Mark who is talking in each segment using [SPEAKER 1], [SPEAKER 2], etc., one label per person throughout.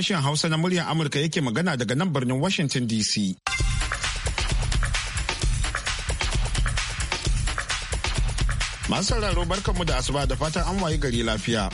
[SPEAKER 1] sashen Hausa na muryar Amurka yake magana daga nan birnin Washington DC. Masu sauraro barkanmu da asuba da fatan an wayi gari lafiya.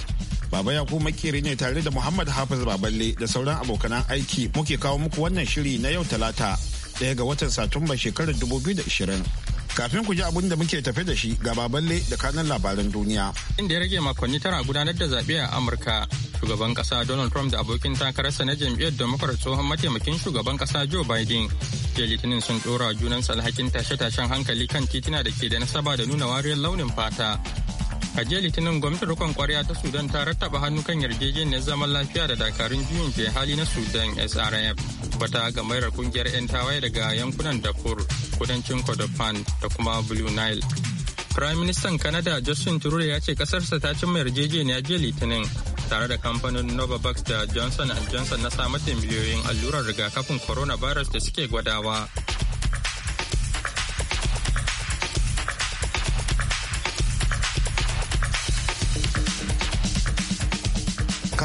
[SPEAKER 1] Baba Yakubu makeri ne tare da Muhammad Hafiz Baballe da sauran abokanan aiki muke kawo muku wannan shiri na yau Talata. daya ga watan Satumba shekarar 2020. kafin ku ji abin da muke tafe da shi ga baballe da kanan labaran duniya.
[SPEAKER 2] Inda ya rage makonni tara gudanar da zaɓe a Amurka, shugaban ƙasa Donald Trump da abokin takararsa na jam'iyyar Democrat tsohon mataimakin shugaban ƙasa Joe Biden. ke Litinin sun ɗora junan alhakin tashe-tashen hankali kan titina da ke da nasaba da nuna wariyar launin fata a jiya litinin gwamnatin rukun kwarya ta sudan ta rattaba hannu kan yarjejeniyar zaman lafiya da dakarun juyin ke hali na sudan srf bata gamayar kungiyar 'yan tawaye daga yankunan dafur kudancin kodofan da kuma blue nile prime minister canada justin trudeau ya ce kasarsa ta cimma yarjejeniya jiya litinin tare da kamfanin novavax da johnson johnson na samar da miliyoyin allurar rigakafin coronavirus da suke gwadawa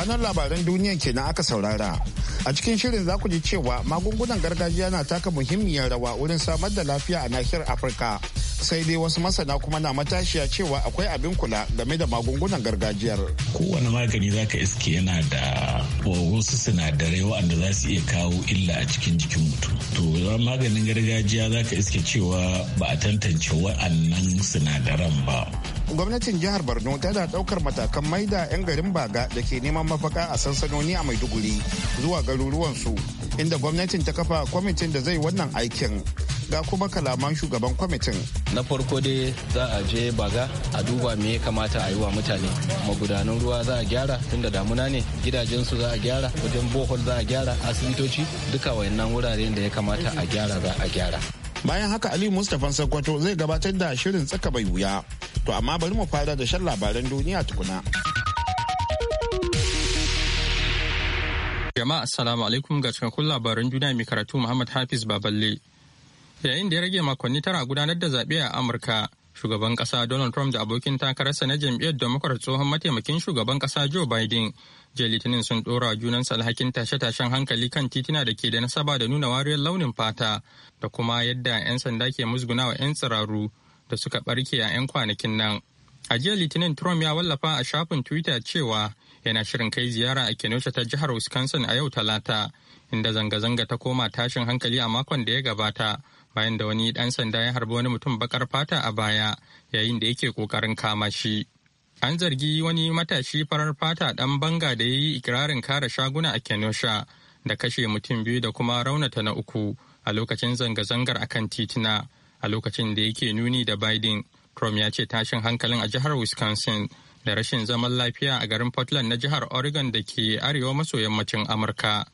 [SPEAKER 1] kanan labaran duniya kenan aka saurara a cikin shirin za ku ji cewa magungunan gargajiya na taka muhimmiyar rawa wurin samar da lafiya a nahiyar afirka sai dai wasu masana kuma na matashiya cewa akwai abin kula game da magungunan gargajiyar
[SPEAKER 3] kowane magani za ka iske yana da wasu sinadarai waɗanda za su iya kawo illa a cikin jikin mutum to maganin gargajiya za ka iske cewa ba a tantance waɗannan sinadaran ba
[SPEAKER 1] gwamnatin jihar borno tana ɗaukar matakan maida 'yan garin baga da ke neman mafaka a sansanoni a maiduguri zuwa garuruwansu inda gwamnatin ta kafa kwamitin da zai wannan aikin ga kuma kalaman shugaban kwamitin
[SPEAKER 4] na farko dai za a je baga a duba me ya kamata a yi wa mutane magudanan ruwa za a gyara tunda damuna ne gidajensu za a gyara wajen bohol za a gyara asibitoci duka wayannan wuraren da ya kamata a gyara za a
[SPEAKER 1] gyara bayan haka ali mustapha sakwato zai gabatar da shirin tsaka bai wuya to amma bari mu fara da shan labaran duniya tukuna
[SPEAKER 2] jama'a assalamu alaikum ga cikakkun labaran duniya mai karatu muhammad hafiz baballe yayin da ya rage makonni tara gudanar da zaɓe a amurka shugaban ƙasa donald trump da abokin takararsa na jam'iyyar democrat tsohon mataimakin shugaban ƙasa joe biden jiya litinin sun ɗora junan alhakin tashe-tashen hankali kan titina da ke da nasaba da nuna wariyar launin fata da kuma yadda 'yan sanda ke musgunawa 'yan tsiraru da suka ɓarke a 'yan kwanakin nan a jiya litinin trump ya wallafa a shafin twitter cewa yana shirin kai ziyara a kenosha ta jihar wisconsin a yau talata inda zanga-zanga ta koma tashin hankali a makon da ya gabata bayan da wani ɗan sanda ya harbi wani mutum baƙar fata a baya yayin da yake ƙoƙarin kama shi. An zargi wani matashi farar fata ɗan banga da ya yi ikirarin kare shaguna a Kenosha da kashe mutum biyu da kuma raunata na uku a lokacin zanga-zangar akan titina a lokacin da yake nuni da Biden. Trump ya ce tashin hankalin a jihar Wisconsin da rashin zaman lafiya a garin Portland na jihar Oregon da ke arewa maso yammacin Amurka.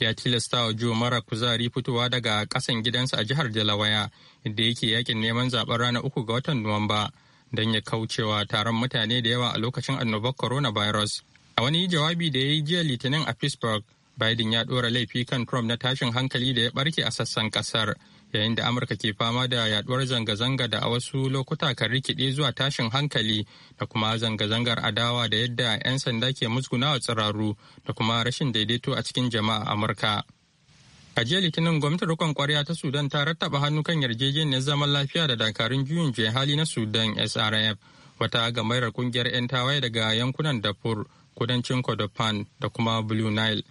[SPEAKER 2] ya tilasta wa Joe mara kuzari fitowa daga kasan gidansa a jihar jalawaya inda yake yakin neman zaben ranar uku ga watan Nuwamba don ya kaucewa taron mutane da yawa a lokacin annobar coronavirus. A wani jawabi da ya yi jiya Litinin a Pittsburgh, Biden ya ɗora laifi kan Trump na tashin hankali da ya barke a sassan ƙasar, yayin da Amurka ke fama da yaduwar zanga-zanga da a wasu lokuta kan rikide zuwa tashin hankali da kuma zanga-zangar adawa da yadda 'yan sanda ke musgunawa tsiraru da kuma rashin daidaito a cikin jama'a Amurka. A jiya Litinin gwamnatin rikon kwarya ta Sudan ta rattaba hannu kan yarjejeniyar zaman lafiya da dakarun juyin hali na Sudan SRF wata gamairar kungiyar 'yan tawaye daga yankunan Darfur, kudancin Kordofan da kuma Blue Nile.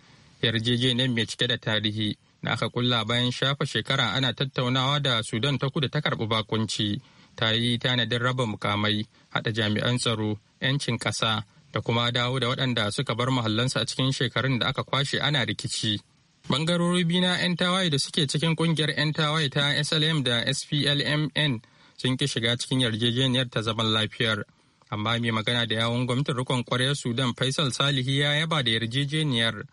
[SPEAKER 2] yarjejeniyar mai cike da tarihi da aka kulla bayan shafa shekara ana tattaunawa da sudan ta kudu ta karɓi bakunci ta yi tanadin raba mukamai hada jami'an tsaro 'yancin kasa da kuma dawo da waɗanda suka bar mahallansu a cikin shekarun da aka kwashe ana rikici bangarori biyu na 'yan tawaye da suke cikin ƙungiyar 'yan tawaye ta slm da splmn sun ki shiga cikin yarjejeniyar ta zaman lafiyar amma mai magana da yawon gwamnatin rikon kwaryar sudan faisal salihi ya yaba da yarjejeniyar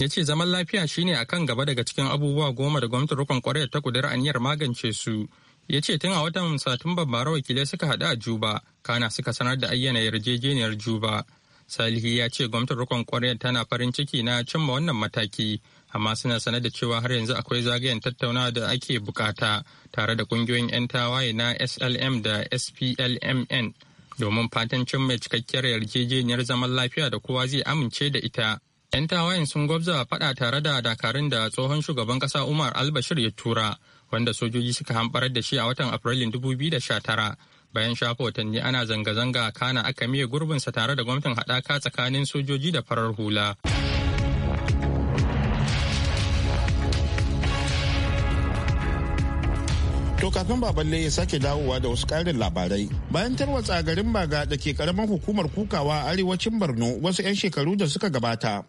[SPEAKER 2] ya ce zaman lafiya shine a kan gaba daga cikin abubuwa goma da gwamnatin rukun koriya ta kudura aniyar magance su ya ce tun a watan satumba bara wakilai suka haɗu a juba kana suka sanar da ayyana yarjejeniyar juba salihi ya ce gwamnatin rukun koriya tana farin ciki na cimma wannan mataki amma suna sanar da cewa har yanzu akwai zagayen tattaunawa da ake bukata tare da kungiyoyin 'yan tawaye na slm da splmn domin fatan cimma cikakkiyar yarjejeniyar zaman lafiya da kowa zai amince da ita 'Yan tawayen sun gwabza faɗa tare da dakarun da tsohon shugaban ƙasa Umar Albashir ya tura, wanda sojoji suka hamɓarar da shi a watan Afrilun 2019. Bayan shafa watanni ana zanga-zanga kana aka miye gurbinsa tare da gwamnatin haɗaka tsakanin sojoji da farar hula.
[SPEAKER 1] To kafin baballe ya sake dawowa da wasu ƙarin labarai. Bayan tarwatsa garin baga da ke ƙaramin hukumar kukawa a arewacin Borno wasu 'yan shekaru da suka gabata.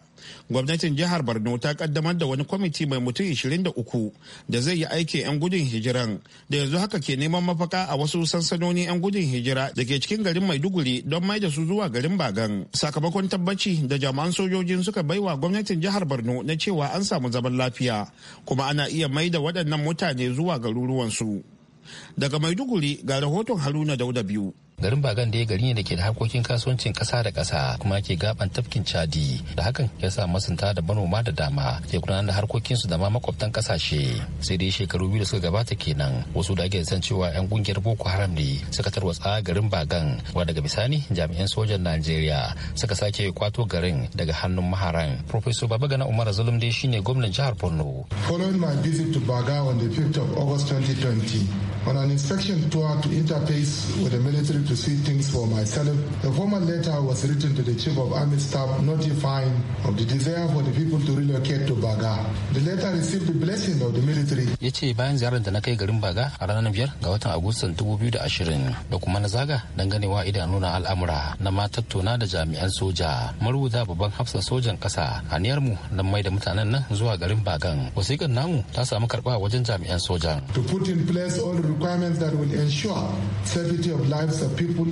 [SPEAKER 1] gwamnatin jihar borno ta kaddamar da wani kwamiti mai mutum 23 da zai yi aiki 'yan gudun hijiran da yanzu haka ke neman mafaka a wasu sansanoni 'yan gudun hijira da ke cikin garin maiduguri don mai da su zuwa garin bagan sakamakon tabbaci da jami'an sojojin suka baiwa gwamnatin jihar borno na cewa an samu zaman lafiya kuma ana iya mai da waɗannan mutane zuwa garuruwansu daga maiduguri ga rahoton haruna dauda biyu garin bagan da ya
[SPEAKER 5] gari ne da ke da harkokin kasuwancin kasa da kasa kuma ke gaban tafkin chadi da hakan ya sa masunta da manoma da dama ke gudanar da harkokinsu da ma makwabtan kasashe sai dai shekaru biyu da suka gabata kenan wasu da ake san cewa yan kungiyar boko haram ne suka tarwatsa garin bagan wa daga bisani jami'an sojan najeriya suka sake kwato garin daga hannun maharan professor babagana umar zulum dai shine gwamnan jihar borno
[SPEAKER 1] following my visit to baga on the 5th of august 2020 on an inspection tour to interface with the military to see things for myself. The formal letter was written to the Chief of Army Staff notifying of the desire for the people to relocate to Baga. The letter received the blessing of the military.
[SPEAKER 5] Ya ce bayan ziyarar da na kai garin Baga a ranar biyar ga watan Agustan 2020 da kuma na zaga danganewa nuna al'amura na ma tattauna da jami'an soja. Marubuta babban hafsan sojan ƙasa mu na mai da mutanen nan zuwa garin Bagan. Wasiƙar namu ta samu karɓa wajen jami'an sojan.
[SPEAKER 1] To put in place all the requirements that will ensure safety of lives of people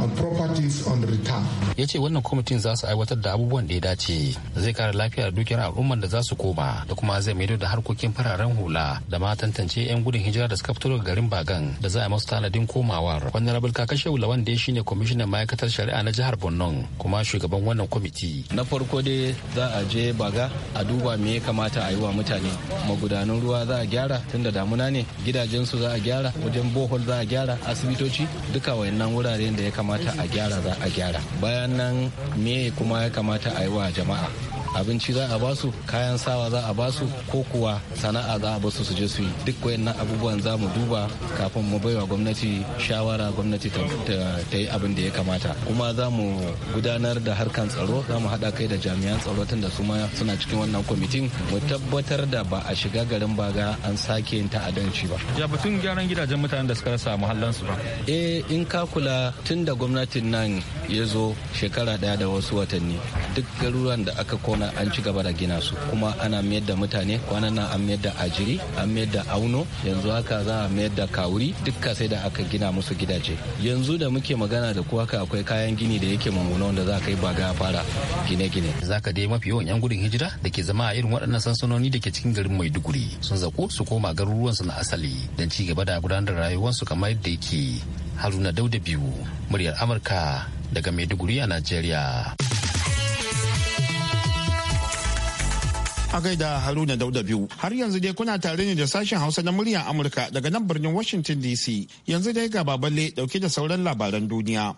[SPEAKER 1] and properties on return.
[SPEAKER 5] Ya ce wannan kwamitin za su aiwatar da abubuwan da ya dace zai kare lafiyar dukiyar al'umman da za su koma da kuma zai maido da harkokin fararen hula da ma tantance 'yan gudun hijira da suka fito daga garin Bagan da za a masu tanadin komawar. Honorable wula wanda ya shine kwamishinan ma'aikatar shari'a na jihar Borno kuma shugaban wannan kwamiti.
[SPEAKER 4] Na farko dai za a je Baga a duba me ya kamata a yi wa mutane. Magudanan ruwa za a gyara tunda damuna ne gidajen su za a gyara wajen bohol za a gyara asibitoci duka wayannan nan wuraren da ya kamata a gyara za a gyara bayan nan me kuma ya kamata a yi wa jama'a abinci za a basu kayan sawa za a basu ko kuwa sana'a za a basu su je su yi duk wayannan abubuwan za mu duba kafin mu baiwa gwamnati shawara gwamnati ta yi abin da ya kamata kuma za mu gudanar da harkan tsaro za mu haɗa kai da jami'an tsaro tun da su ma suna cikin wannan kwamitin mu tabbatar da ba a shiga garin ba ga an sake yin ta'addanci ba. Ya batun gyaran gidajen mutanen da suka rasa muhallansu ba. Eh in ka kula tun da gwamnatin nan ya zo shekara daya da wasu watanni duk garuruwan da aka kona nan an ci gaba da gina su kuma ana mayar da mutane kwanan nan an mayar da ajiri an mayar da auno yanzu haka za a mayar da kawuri dukka sai da aka gina musu gidaje yanzu da muke magana da ku haka akwai kayan gini da yake mummuna wanda za ka yi baga fara gine-gine zaka dai mafi yawan yan gudun
[SPEAKER 5] hijira da ke zama a irin waɗannan sansanoni da ke cikin garin maiduguri sun zaƙo su koma garuruwansu na asali don ci gaba da gudanar da rayuwarsu kamar yadda yake haruna dauda biyu muryar amurka daga maiduguri a najeriya
[SPEAKER 1] A gaida Haruna Dauda biyu. Har yanzu dai kuna tare ne da sashen Hausa na muryar Amurka daga nan birnin Washington DC. Yanzu dai ga baballe dauke da sauran labaran duniya.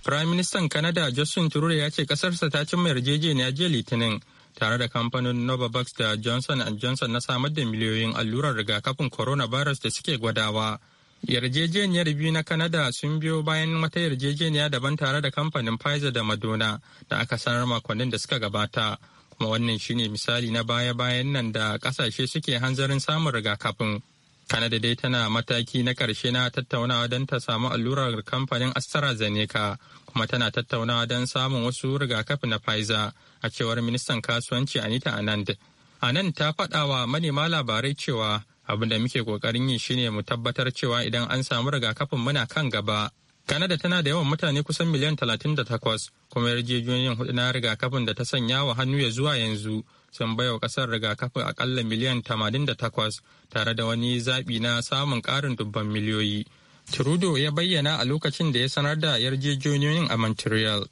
[SPEAKER 2] Firaministan Kanada Justin Trudeau ya ce kasarsa ta cimma yarjejeniya jiya Litinin tare da kamfanin Novavax da Johnson Johnson na samar da miliyoyin allurar rigakafin coronavirus da suke gwadawa. Yarjejeniyar biyu na Kanada sun biyo bayan wata yarjejeniya daban tare da kamfanin Pfizer da Madonna da aka sanar makonnin da suka gabata, kuma wannan shine misali na baya-bayan nan da kasashe suke hanzarin samun rigakafin. Kanada dai tana mataki na karshe na tattaunawa don ta samu allurar kamfanin AstraZeneca kuma tana tattaunawa don samun wasu rigakafi na Pfizer a cewar ministan kasuwanci Anita Anand. Anand ta faɗa wa manema labarai cewa abin da muke kokarin yi shine mu tabbatar cewa idan an samu rigakafin muna kan gaba kanada tana da yawan mutane kusan miliyan 38 kuma yarjejeniyoyin hudu na rigakafin da ta sanya wa hannu ya zuwa yanzu sun baiwa kasar rigakafin akalla miliyan 88 tare da wani zaɓi na samun ƙarin dubban miliyoyi. Trudeau ya bayyana a lokacin da ya sanar da yarjejeniyoyin a Montreal.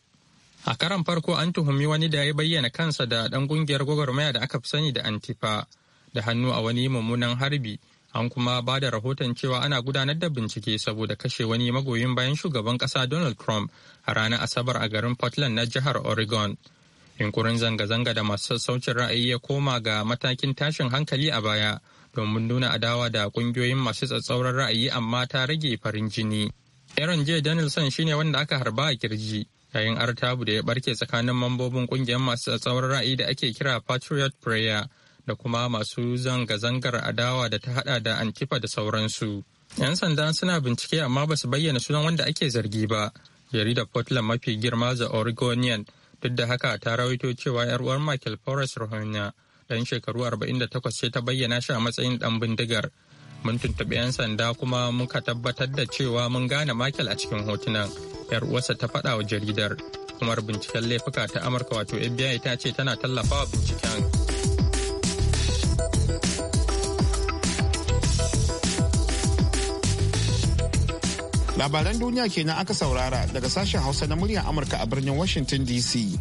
[SPEAKER 2] A karan farko an tuhumi wani da ya bayyana kansa da ɗan ƙungiyar gwagwarmaya da aka fi sani da Antifa. da hannu a wani mummunan harbi an kuma ba da rahoton cewa ana gudanar da bincike saboda kashe wani magoyin bayan shugaban kasa donald trump a ranar asabar a garin portland na jihar oregon yunkurin zanga-zanga da masu sassaucin ra'ayi ya koma ga matakin tashin hankali a baya domin nuna adawa da kungiyoyin masu tsatsauran ra'ayi amma ta rage farin jini aaron j donaldson shine wanda aka harba a kirji yayin artabu da ya barke tsakanin mambobin kungiyar masu tsatsauran ra'ayi da ake kira patriot prayer da kuma masu zanga-zangar adawa da ta hada da antifa da sauransu. 'Yan sanda suna bincike amma ba su bayyana sunan wanda ake zargi ba. Jaridar Portland mafi girma za Oregonian duk da haka ta rawaito cewa 'yar uwar Michael Forrest Rohanya dan shekaru 48 ce ta bayyana shi a matsayin dan bindigar. Mun tuntuɓi 'yan sanda kuma muka tabbatar da cewa mun gane Michael a cikin hotunan. 'Yar uwarsa ta faɗa wa jaridar. Kuma binciken laifuka ta Amurka wato FBI ta ce tana tallafawa binciken.
[SPEAKER 1] Labaran duniya kenan aka saurara daga sashen Hausa na muryar Amurka a birnin Washington DC.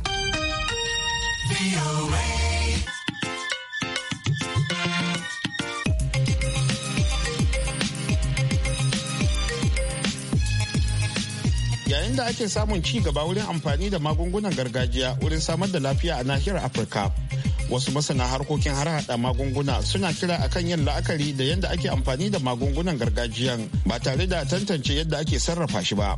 [SPEAKER 1] Yayin da ake samun ci gaba wurin amfani da magungunan gargajiya wurin samar da lafiya a nahiyar Afirka. wasu masana harkokin har hada magunguna suna kira akan yin la'akari da yadda ake amfani da magungunan gargajiya ba tare da tantance yadda ake sarrafa shi ba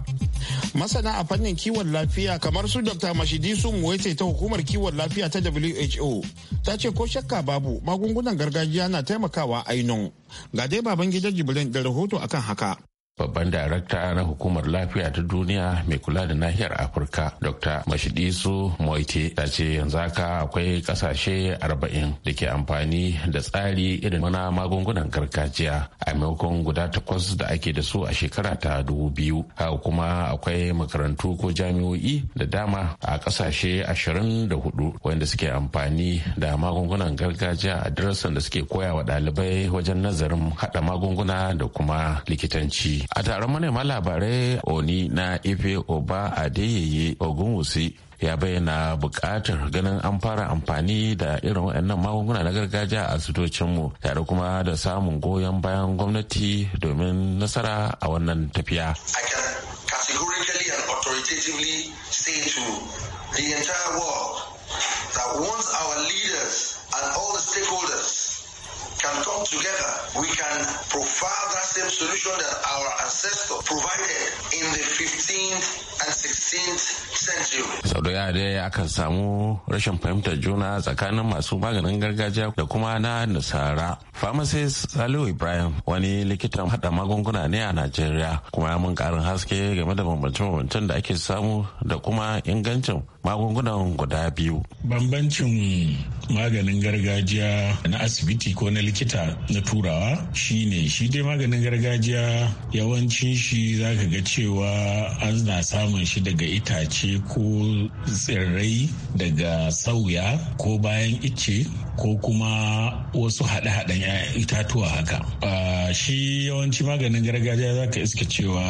[SPEAKER 1] masana a fannin kiwon lafiya kamar su dr mashidisu ta hukumar kiwon lafiya ta who ta ce ko shakka babu magungunan gargajiya na taimakawa ainun ga dai baban gidan jibrin da rahoto akan haka
[SPEAKER 6] babban darakta na hukumar lafiya ta duniya mai kula da nahiyar afirka dr mashidisu moite ta ce yanzu haka akwai kasashe 40 da ke amfani da tsari irin mana magungunan gargajiya a maimakon guda takwas da ake da su a shekara ta dubu biyu haka kuma akwai makarantu ko jami'o'i da dama a kasashe 24 wanda suke amfani da magungunan gargajiya a darasin da suke koya wa ɗalibai wajen nazarin haɗa magunguna da kuma likitanci a taron manema labarai oni na ife oba ogun ogunwusi ya bayyana bukatar ganin an fara amfani da irin waɗannan magunguna na gargajiya a asibitocinmu tare kuma da samun goyon bayan gwamnati domin nasara a wannan tafiya. categorically and authoritatively the entire world that once our leaders and all the stakeholders can come together, we can provide that same solution that our ancestors provided in the 15th and 16th century. Sau da yare akan samu rashin fahimtar juna tsakanin masu maganin gargajiya da kuma na nasara. Pharmacist Salihu Ibrahim wani likitan hada magunguna ne a Najeriya kuma ya mun karin haske game da bambance-bambancen da ake samu da kuma ingancin magungunan guda biyu.
[SPEAKER 3] Bambancin maganin gargajiya na asibiti ko na likita likita na turawa shine shi dai maganin gargajiya yawancin shi za ka ga cewa an samun shi daga itace ko tsirrai daga sauya ko bayan icce ko kuma wasu haɗe-haɗen itatuwa haka shi yawanci maganin gargajiya za ka iska cewa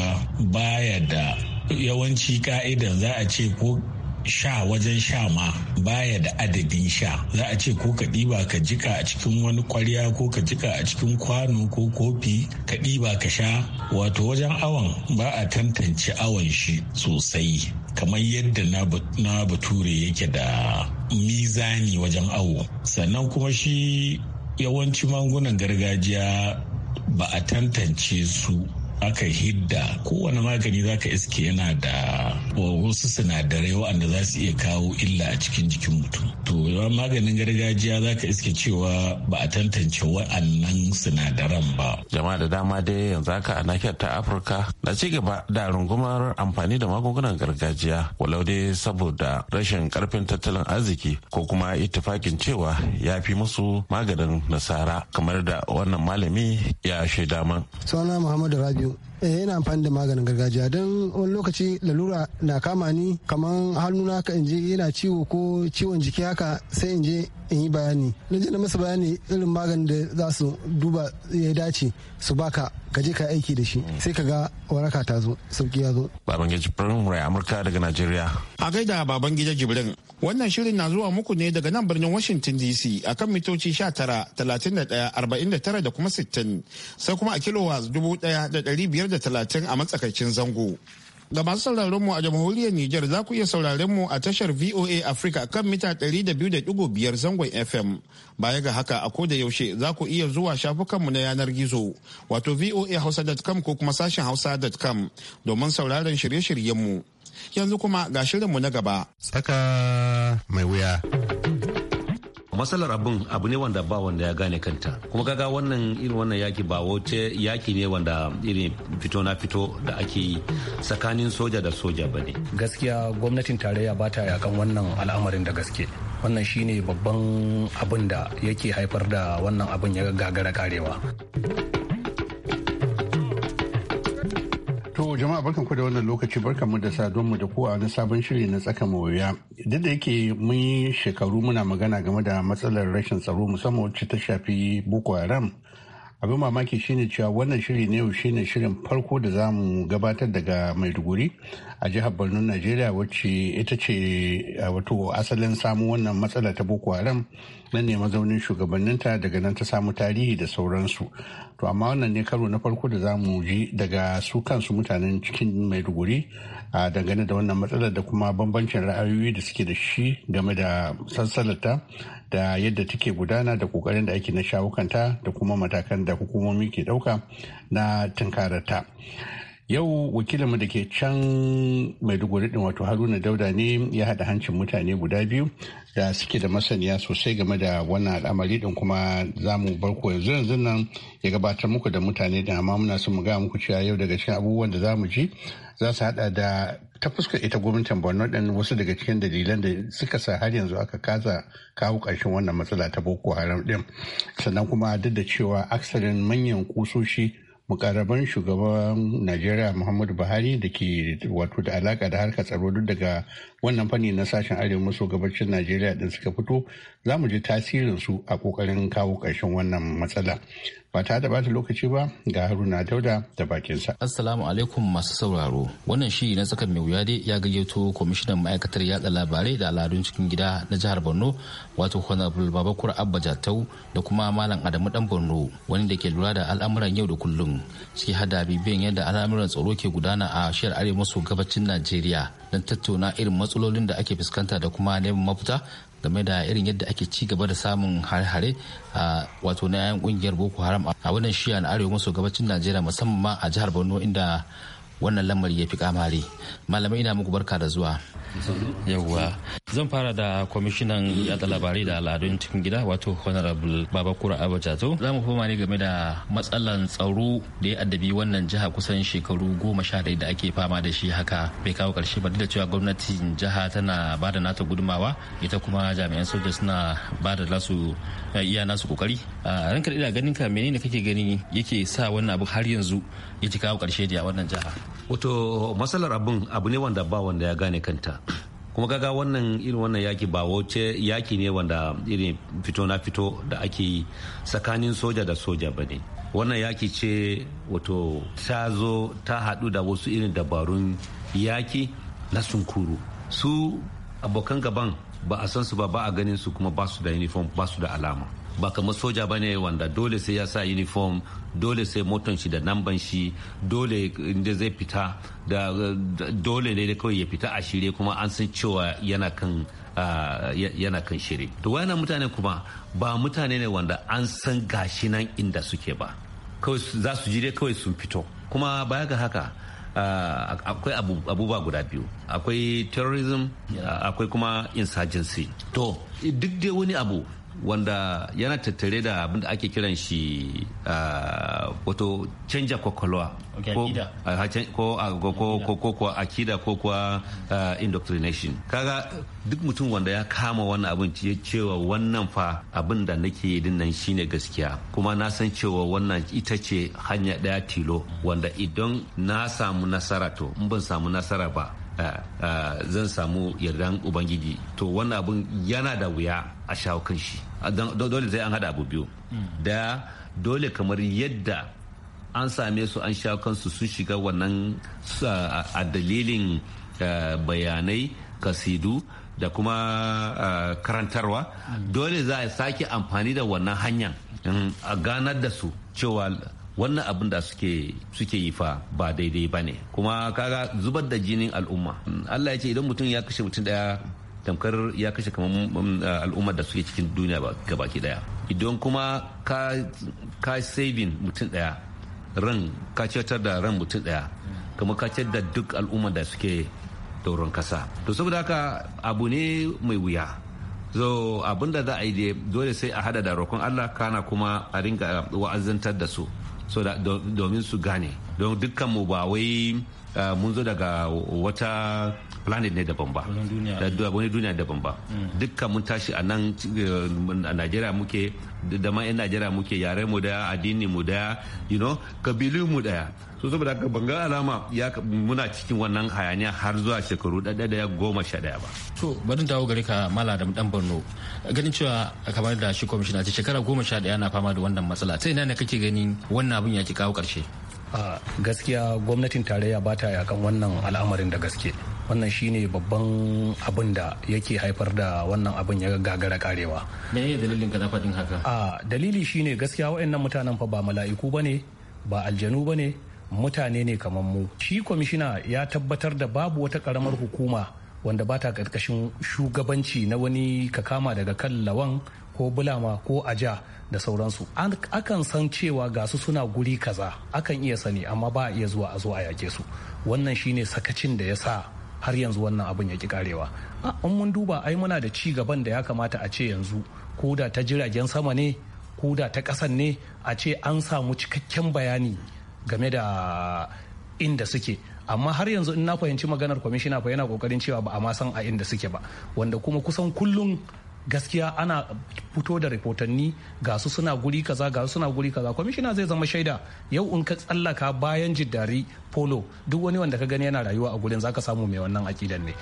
[SPEAKER 3] baya da yawanci ka'idan za a ce ko sha wajen sha ma baya da adadin sha za a ce ko ka ɗiba ka jika a cikin wani kwarya ko ka jika a cikin kwano ko kofi ka ɗiba ka sha wato wajen awon ba a tantance awon shi sosai kamar yadda na bature yake da mizani wajen awo sannan kuma shi yawanci magungunan gargajiya ba a tantance su aka hidda kowane magani za ka iske yana da wasu sinadarai waɗanda za su iya kawo illa a cikin jikin mutum to maganin gargajiya za ka iske cewa ba a tantance waɗannan sinadaran ba
[SPEAKER 6] jama'a da dama dai yanzu haka a nahiyar ta afirka na ci gaba da rungumar amfani da magungunan gargajiya walau dai saboda rashin karfin tattalin arziki ko kuma ittifakin cewa ya fi musu maganin nasara kamar da wannan malami ya shaida man.
[SPEAKER 4] Suna Muhammadu Rabiu eh ina amfani da maganin gargajiya don wani lokaci lalura na kama ni kamar hannuna haka in je yana ciwo ko ciwon jiki haka sai in je in yi bayani na je na masa bayani irin maganin da za su duba ya dace su baka ka je ka aiki da shi sai ka
[SPEAKER 1] ga waraka ta zo sauki ya zo
[SPEAKER 6] Babangida jibrin murai amurka daga najeriya
[SPEAKER 1] a gaida babangida jibrin Wannan shirin na zuwa muku ne daga nan birnin Washington DC a kan mitoci 19, tara da kuma 60 sai kuma a da 1,530 a matsakaicin zango. Ga masu sauraron mu a jamhuriyar Nijar za ku iya sauraron mu a tashar VOA Africa kan mita 200.5 zangon FM. Baya ga haka a koda yaushe za ku iya zuwa shafukanmu na yanar gizo wato voahausa.com ko kuma sashen hausa.com domin sauraron shirye-shiryenmu. mu. yanzu kuma ga shirinmu na gaba
[SPEAKER 7] tsaka mai wuya
[SPEAKER 8] matsalar abin abu ne wanda ba wanda ya gane kanta kuma kaga wannan irin wannan yaki ba wace yaki ne wanda irin fito na fito da ake yi tsakanin soja da soja ba ne
[SPEAKER 9] gaskiya gwamnatin tarayya ba ta yakan wannan al'amarin da gaske wannan shi ne babban abin da yake haifar da wannan abin ya gagara karewa
[SPEAKER 7] To jama'a barkan ku da wannan lokaci barkan mu da saduwar mu da kowa na sabon shiri na tsaka mawuya. Duk da yake mun shekaru muna magana game da matsalar rashin tsaro musamman wacce ta shafi Boko Haram abin mamaki shine cewa wannan shiri ne shine shirin farko da za mu gabatar daga maiduguri a jihar borno najeriya wacce ita ce wato asalin samu wannan matsala ta boko haram nan ne mazaunin shugabanninta daga nan ta samu tarihi da sauransu to amma wannan ne karo na farko da za mu ji daga su kansu mutanen cikin maiduguri a dangane da wannan matsalar da kuma bambancin ra'ayoyi da suke da shi game da sassalata da yadda take gudana da kokarin da ake na shawukanta da kuma matakan da hukumomi ke dauka na tunkararta. Yau wakilinmu da ke can Maiduguri din wato Haruna Dauda ne ya haɗa hancin mutane guda biyu da suke da masaniya sosai game da wannan al'amari din kuma za mu barko yanzu yanzu nan ya gabatar muku da mutane da amma muna son mu gaya muku cewa yau daga cikin abubuwan da za mu ji za su haɗa da ta fuskar ita gwamnatin borno din wasu daga cikin dalilan da suka sa har yanzu aka kasa kawo ƙarshen wannan matsala ta boko haram din sannan kuma duk da cewa aksarin manyan kusoshi mukarraban shugaban najeriya muhammadu buhari da ke wato da alaka da harkar tsaro duk daga wannan fanni na sashen arewa maso gabacin najeriya din suka fito za mu ji tasirin su a kokarin kawo karshen wannan matsala ba ta da bata lokaci ba ga haruna dauda da bakinsa assalamu
[SPEAKER 5] alaikum masu sauraro wannan shi na tsakan mai wuya dai ya gayyato kwamishinan ma'aikatar yatsa labarai da al'adun cikin gida na jihar borno wato honorable babakura abba jatau da kuma malam adamu dan borno wani da ke lura da al'amuran yau da kullum ciki hada bibiyan yadda al'amuran tsaro ke gudana a shiyar arewa maso gabacin najeriya don tattauna irin matsalolin da ake fuskanta da kuma neman mafita game da irin yadda ake ci gaba da samun hare-hare a wato na 'yan kungiyar boko haram a wannan shiya na arewa maso gabacin najeriya musamman ma a jihar borno inda wannan lamari ya fi kamari malamai ina muku barka da zuwa yawwa Zan fara da kwamishinan yada labarai da al'adun cikin gida wato Honorable Babakura to Za mu fama ne game da matsalan tsaro da ya addabi wannan jiha kusan shekaru goma sha da ake fama da shi haka bai kawo karshe ba duk da cewa gwamnatin jiha tana ba da nata gudumawa ita kuma jami'an soja suna ba da nasu iya nasu kokari. Ranka da ganin ka menene kake gani yake sa wannan abu har yanzu ya ci kawo ƙarshe da
[SPEAKER 8] wannan jiha. Wato matsalar abin abu ne wanda ba wanda ya gane kanta. kuma kaga wannan irin wannan yaki ba wace yaki ne wanda irin fito na fito da ake yi tsakanin soja da soja ba ne wannan yaki ce wato ta zo ta haɗu da wasu irin dabarun yaki na sunkuru su abokan gaban ba a san su ba ba a ganin su kuma ba su da uniform ba su da alama ba kamar soja ba ne wanda dole sai ya sa uniform dole sai motan shi da namban shi dole inda zai fita da dole ne kawai ya fita a shirye kuma an san cewa yana kan yana kan shiri to wayannan mutane kuma ba mutane ne wanda an san gashi nan inda suke ba kawai za su ji dai kawai sun fito kuma baya ga haka akwai abubuwa guda biyu akwai terrorism akwai kuma insurgency to duk dai wani abu wanda yana tattare da abin da ake kiran shi wato canja kwakwalwa ko ko akida ko kuwa indoctrination kaga duk mutum wanda ya kama wannan abin ya cewa wannan fa abin da nake yi nan shine gaskiya kuma na san cewa wannan ita ce hanya daya tilo wanda idan na samu nasara to in ban samu nasara ba zan samu yardan ubangiji to wannan abun yana da wuya a shawo kan shi dole zai an hada abu biyu da dole kamar yadda an same su an shawo kansu sun shiga wannan a dalilin bayanai kasidu da kuma karantarwa hmm. dole za a sake amfani da wannan hanyar a ganar da su cewa wannan abin da suke suke yi fa ba daidai ba ne kuma kaga zubar da jinin al'umma allah ya ce idan mutum ya kashe mutum daya tamkar ya kashe kamar mm, mm, al'ummar da suke cikin duniya ga baki daya idan kuma ka saving mutum daya ran ka cetar da ran mutum daya kuma ka cetar da duk al'ummar da suke doron kasa to saboda haka abu ne mai wuya so abinda za a yi dole sai a hada da roƙon allah kana kuma a ringa uh, wa'azantar da su domin su gane don dukkanmu ba wai Eh, mun zo daga wata planet ne daban ba wani duniya daban ba mm. dukkan mun tashi a nan eh, a najeriya muke da ma najeriya muke yare mu daya addini mu daya you know kabilu mu daya so saboda haka banga alama ya muna cikin wannan hayaniya har zuwa shekaru ɗaya goma sha ɗaya ba.
[SPEAKER 4] to
[SPEAKER 5] bari dawo gare ka da dan borno ganin cewa kamar da shi kwamishina ce shekara goma sha ɗaya na fama da wannan matsala sai ina ne kake ganin wannan abin ya ki kawo karshe.
[SPEAKER 9] a gaskiya gwamnatin tarayya ba ta yakan wannan al'amarin da gaske wannan shine babban abin da yake haifar da wannan abin ya gagara karewa ne dalilin ka faɗin haka a dalili shine gaskiya waɗannan mutanen fa ba mala'iku bane ba aljanu bane mutane ne kamar mu shi kwamishina ya tabbatar da babu wata karamar hukuma wanda ba ta ƙarƙashin shugabanci na wani ka kama daga kan lawan ko bulama ko aja da sauransu akan san cewa gasu suna guri kaza akan iya sani amma ba a iya zuwa a zo a yake su wannan shine sakacin da ya sa har yanzu wannan abin ya ki karewa an mun duba ai muna da ci gaban da ya kamata a ce yanzu ko da ta jiragen sama ne ko da ta kasan ne a ce an samu cikakken bayani game da inda suke amma har yanzu in na fahimci maganar kwamishina fa yana kokarin cewa ba a ma san a inda suke ba wanda kuma kusan kullum gaskiya ana fito da rahotanni ga su suna guri kaza ga su suna guri kaza kwamishina zai zama shaida yau in ka tsallaka bayan jiddari polo duk wani wanda ka gani yana rayuwa a gurin zaka samu mai wannan aƙidan ne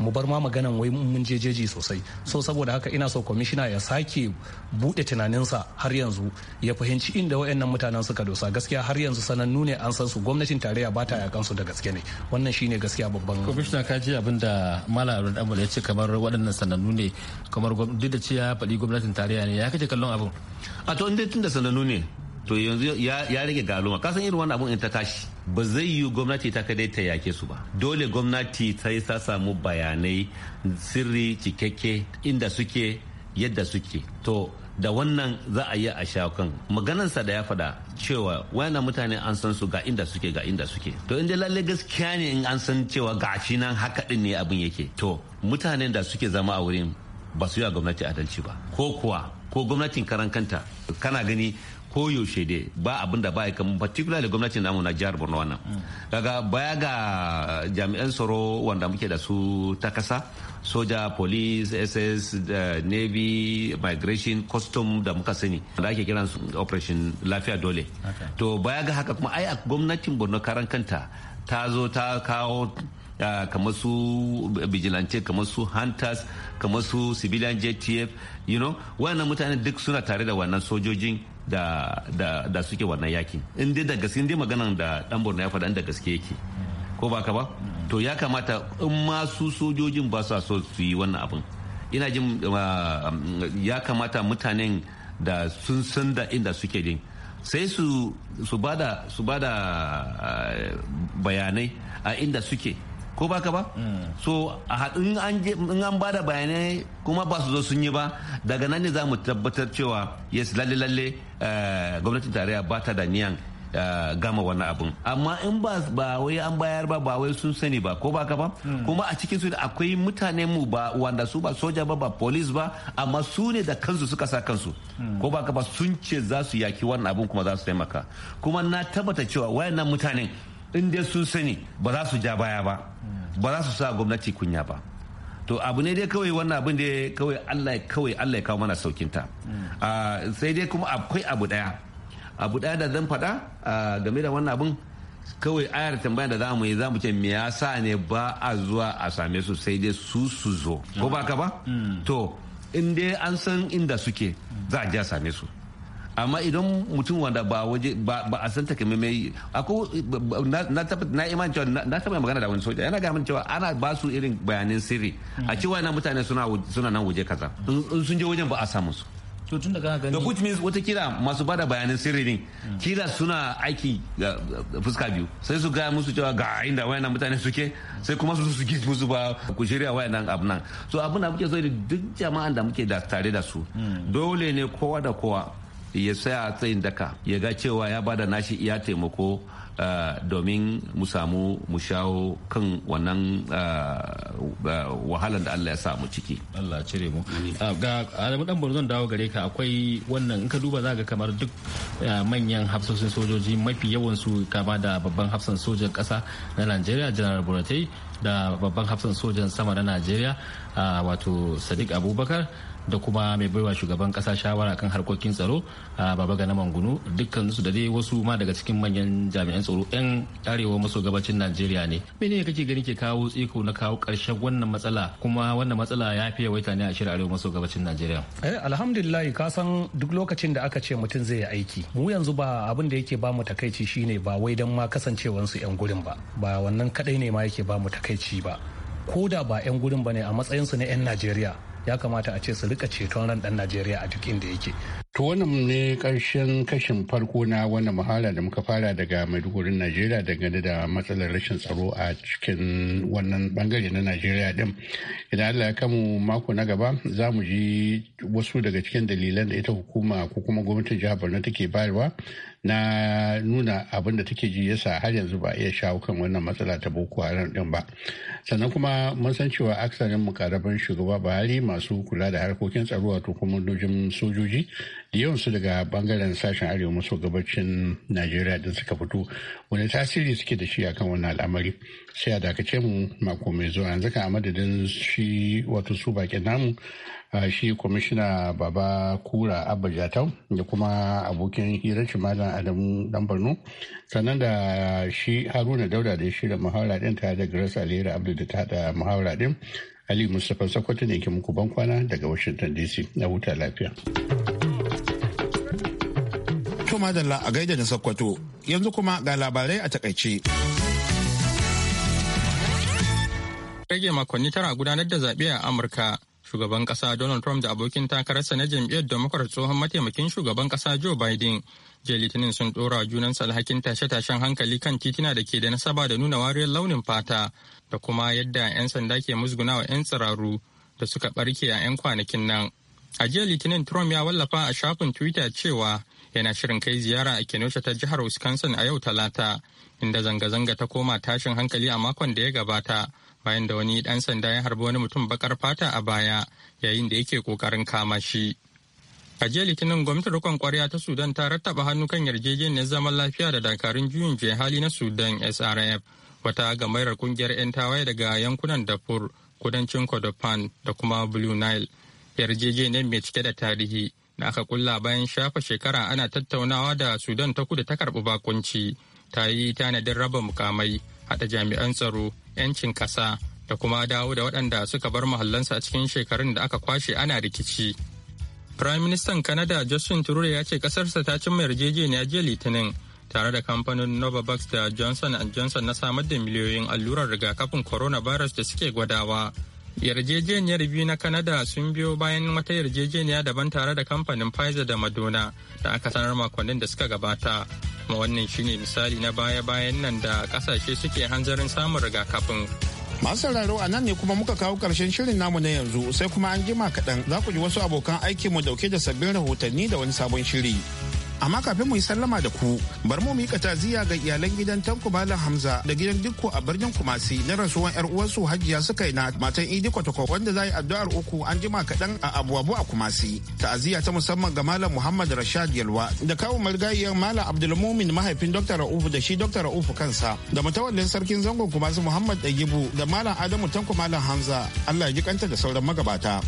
[SPEAKER 9] mu bar ma maganan wai mun je jeji sosai so saboda haka ina so kwamishina ya sake bude tunaninsa har yanzu ya fahimci inda wayannan mutanen suka dosa gaskiya har yanzu sanannu ne an san su gwamnatin tarayya ba ta yakan su da gaske ne wannan shine gaskiya babban kwamishina ka ji abin da malam abdul amul ya ce kamar
[SPEAKER 5] waɗannan sanannu ne kamar duk da cewa ya faɗi gwamnatin tarayya ne ya kace kallon abin
[SPEAKER 8] a to inda tun da sanannu ne to yanzu ya rage galuma kasan irin wannan abun in ta tashi ba zai yi gwamnati ta kadai ta yake su ba dole gwamnati ta yi ta samu bayanai sirri cikakke inda suke yadda suke to da wannan za a yi a shakan maganarsa da ya faɗa cewa wayan mutane an san su ga inda suke ga inda suke to inda lalle gaskiya ne in an san cewa ga shi nan haka din ne abin yake to mutanen da suke zama a wurin ba su yi a gwamnati adalci ba ko kuwa ko gwamnatin karan kanta kana gani koyaushe dai ba abin da ba ya kamar da gwamnatin namu na jihar borno wannan daga baya ga jami'an tsaro wanda muke da su ta kasa soja police ss navy migration custom da muka sani da ake kiran operation lafiya dole to baya ga haka kuma ai a gwamnatin borno karan kanta ta zo ta kawo kamar su vigilante kamar su hunters kamar su civilian jtf you know wannan mutane duk suna tare da wannan sojojin da, da, da suke wannan yakin in da gaske dai maganan da dan borno ya faɗa da gaske yake ko ba ka ba to ya kamata in ma sojojin ba su so su yi wannan abin ina jin ah, ya kamata mutanen da sun san da inda suke din sai su bada su bada ah, bayanai a inda suke ko baka ba so in an ba da bayanai kuma ba su zo sun yi ba daga nan ne za mu tabbatar cewa yes lalle lalle eh, gwamnatin tarayya ba ta da niyan eh, gama wani abin amma in ba wai an bayar ba ba wai sun sani ba ko baka ba kuma a cikin su akwai mutane mu ba wanda su ba soja ba ba polis ba amma su ne da kansu suka sa kansu ko baka ba sun ce za su yaki wannan abin kuma za su taimaka kuma na tabbata cewa wayannan mutanen in dai sun sani ba za su ja baya ba ba za su sa gwamnati kunya ba to abu ne dai kawai wannan abin da kawai Allah kawai Allah ya kawo mana saukinta mm. sai dai kuma akwai abu daya abu daya da zan faɗa game da wannan abin kawai ayar tambaya da zamu yi zamu ce me yasa ne ba a zuwa a same su sai dai su su zo ko ba ka ba mm. to in dai an san inda suke za a je a same su amma idan mutum wanda ba waje ba a san mai akwai na tabbata na iman cewa na taɓa magana da wani soja yana ga min cewa ana ba su irin bayanin sirri a cewa na mutane suna nan waje kaza in sun je wajen ba a samu su to tun daga gani which means wata kira masu bada bayanin sirri ne kira suna aiki ga fuska biyu sai su gaya musu cewa ga inda wayannan mutane suke sai kuma su su gizi musu ba ku shirya wayannan abu nan so abun da muke so duk jama'an da muke da tare da su hmm. dole ne kowa da kowa ya saya a tsayin daka ya ga cewa ya bada nashi iya taimako Uh, domin mu samu mu shawo kan wannan uh, eh, uh, eh, wahalar da Allah ya samu ciki. Allah cire mu. Ah, ga Adamu dan zan
[SPEAKER 5] dawo gare ka akwai wannan in ka duba za ga kamar duk manyan hafsoshin sojoji mafi yawan su kama da babban hafsan sojan kasa na Najeriya General Buratai da babban hafsan sojan sama na Najeriya ah, wato Sadiq Abubakar. da kuma mai baiwa shugaban kasa shawara kan harkokin tsaro a baba gana mangunu dukkan su da dai wasu ma daga cikin manyan jami'an tsaro yan arewa maso gabacin najeriya ne mene ne kake gani ke kawo tsiko na kawo karshen wannan matsala kuma wannan matsala ya fi yawaita ne a shirin arewa maso gabacin najeriya
[SPEAKER 9] eh alhamdulillah ka san duk lokacin da aka ce mutum zai yi aiki mu yanzu ba abin da yake ba mu takaici shine ba wai dan ma kasancewansu yan gurin ba ba wannan kadai ne ma yake ba mu takaici ba ko da ba 'yan gurin ba ne a matsayinsu na 'yan
[SPEAKER 7] najeriya ya kamata a ce su rika ceton ran dan najeriya a duk inda yake To wannan ne ƙarshen kashin farko na wannan muhala da muka fara daga Maidugurin Najeriya dangane da matsalar rashin tsaro a cikin wannan bangare na Najeriya din. Idan Allah ya kamu mako na gaba za mu ji wasu daga cikin dalilan da ita hukuma ko kuma gwamnatin jihar Borno take bayarwa na nuna abin da take ji yasa har yanzu ba iya shawo kan wannan matsala ta Boko Haram din ba. Sannan kuma mun san cewa aksarin mukarraban shugaba Buhari masu kula da harkokin tsaro wato kwamandojin sojoji da su daga bangaren sashen arewa maso gabacin najeriya din suka fito wani tasiri suke da shi akan wannan al'amari sai a dakace mu mako mai zuwa yanzu kan a madadin shi wato su bakin namu shi kwamishina baba kura abba jatau da kuma abokin hirarci malam adamu dan borno sannan da shi haruna dauda da shirya muhawara din ta da grace alheri abdu da ta hada muhawara din ali mustapha sakwato ne ke muku bankwana daga washington dc na huta lafiya.
[SPEAKER 1] To madalla a gaida na Sokoto yanzu kuma ga labarai a takaice.
[SPEAKER 2] Rage makonni tara gudanar da zaɓe a Amurka. Shugaban ƙasa Donald Trump da abokin takararsa na jam'iyyar Democrat tsohon mataimakin shugaban ƙasa Joe Biden. Jiya Litinin sun ɗora junan alhakin tashe-tashen hankali kan titina da ke da nasaba da nuna wariyar launin fata da kuma yadda 'yan sanda ke musgunawa 'yan tsiraru da suka ɓarke a 'yan kwanakin nan. A jiya Litinin Trump ya wallafa a shafin Twitter cewa yana shirin kai ziyara a kenosha ta jihar wisconsin a yau talata inda zanga-zanga ta koma tashin hankali a makon da ya gabata bayan da wani dan sanda ya harbi wani mutum bakar fata a baya yayin da yake kokarin kama shi. A jiya Litinin gwamnatin rikon kwarya ta Sudan ta rattaba hannu kan yarjejeniyar zaman lafiya da dakarun juyin juya hali na Sudan SRF wata gamairar kungiyar 'yan tawaye daga yankunan dafur kudancin kodofan da kuma Blue Nile. Yarjejeniyar mai cike da tarihi da aka kulla bayan shafa shekara ana tattaunawa da sudan ta kudu ta karɓi bakunci ta yi tanadin raba mukamai hada jami'an tsaro 'yancin ƙasa da kuma dawo da waɗanda suka bar mahallansa a cikin shekarun da aka kwashe ana rikici prime minister canada justin trudeau ya ce kasarsa ta cimma yarjejeniya jiya litinin tare da kamfanin novavax da johnson johnson na samar da miliyoyin allurar rigakafin coronavirus da suke gwadawa Yarjejeniyar biyu na Kanada sun biyo bayan wata yarjejeniya daban tare da kamfanin Pfizer da Madonna da aka sanar makonnin da suka gabata. Kuma wannan shine misali na baya-bayan nan da kasashe suke hanzarin samun rigakafin.
[SPEAKER 1] Masu sauraro a nan ne kuma muka kawo karshen shirin namu na yanzu sai kuma an jima kaɗan za ku ji wasu abokan mu dauke da sabbin rahotanni da wani sabon shiri. amma kafin mu yi sallama da ku bar mu mika taziya ga iyalan gidan tanko malam hamza da gidan dukko a birnin kumasi na rasuwan yar uwarsu hajiya suka na matan idi kwatakwa wanda za yi addu'ar uku an jima kaɗan a abuwabu a kumasi ta'aziyya ta musamman ga malam muhammad rashad yalwa da kawo marigayiyar malam abdulmumin mahaifin dr ra'ufu da shi dr ra'ufu kansa da matawallin sarkin zangon kumasi muhammad ɗagibu da malam adamu tanko malam hamza allah ya ji kanta da sauran magabata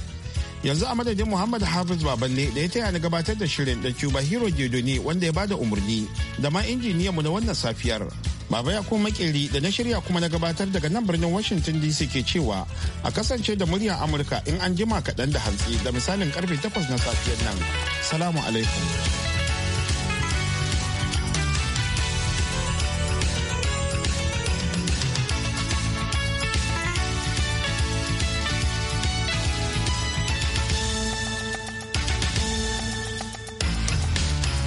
[SPEAKER 1] yanzu a madadin muhammad hafiz baballe da ya taya ni gabatar da shirin da cuba hero ne wanda ya bada umarni da ma injiniyanmu na wannan safiyar baba ya kuma makeri da na shirya kuma na gabatar daga nan birnin washington dc ke cewa a kasance da muryar amurka in an jima kaɗan da hantsi da misalin karfe 8 na safiyar nan salamu alaikum